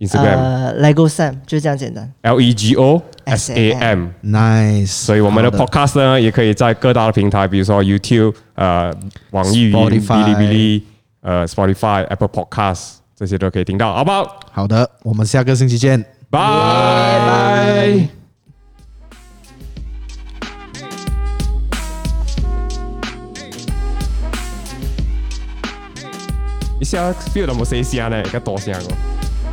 Instagram，呃，LEGO SAM，就這樣簡單。L E G O S A M，nice。所以我們的 podcast 呢，也可以在各大平台，比如說 YouTube，呃，網易雲、嗶哩嗶哩，呃，Spotify、Apple Podcast，這些都可以聽到，好唔好？好的，我們下個星期見，拜拜。一下 feel 到冇聲聲咧，咁大聲個。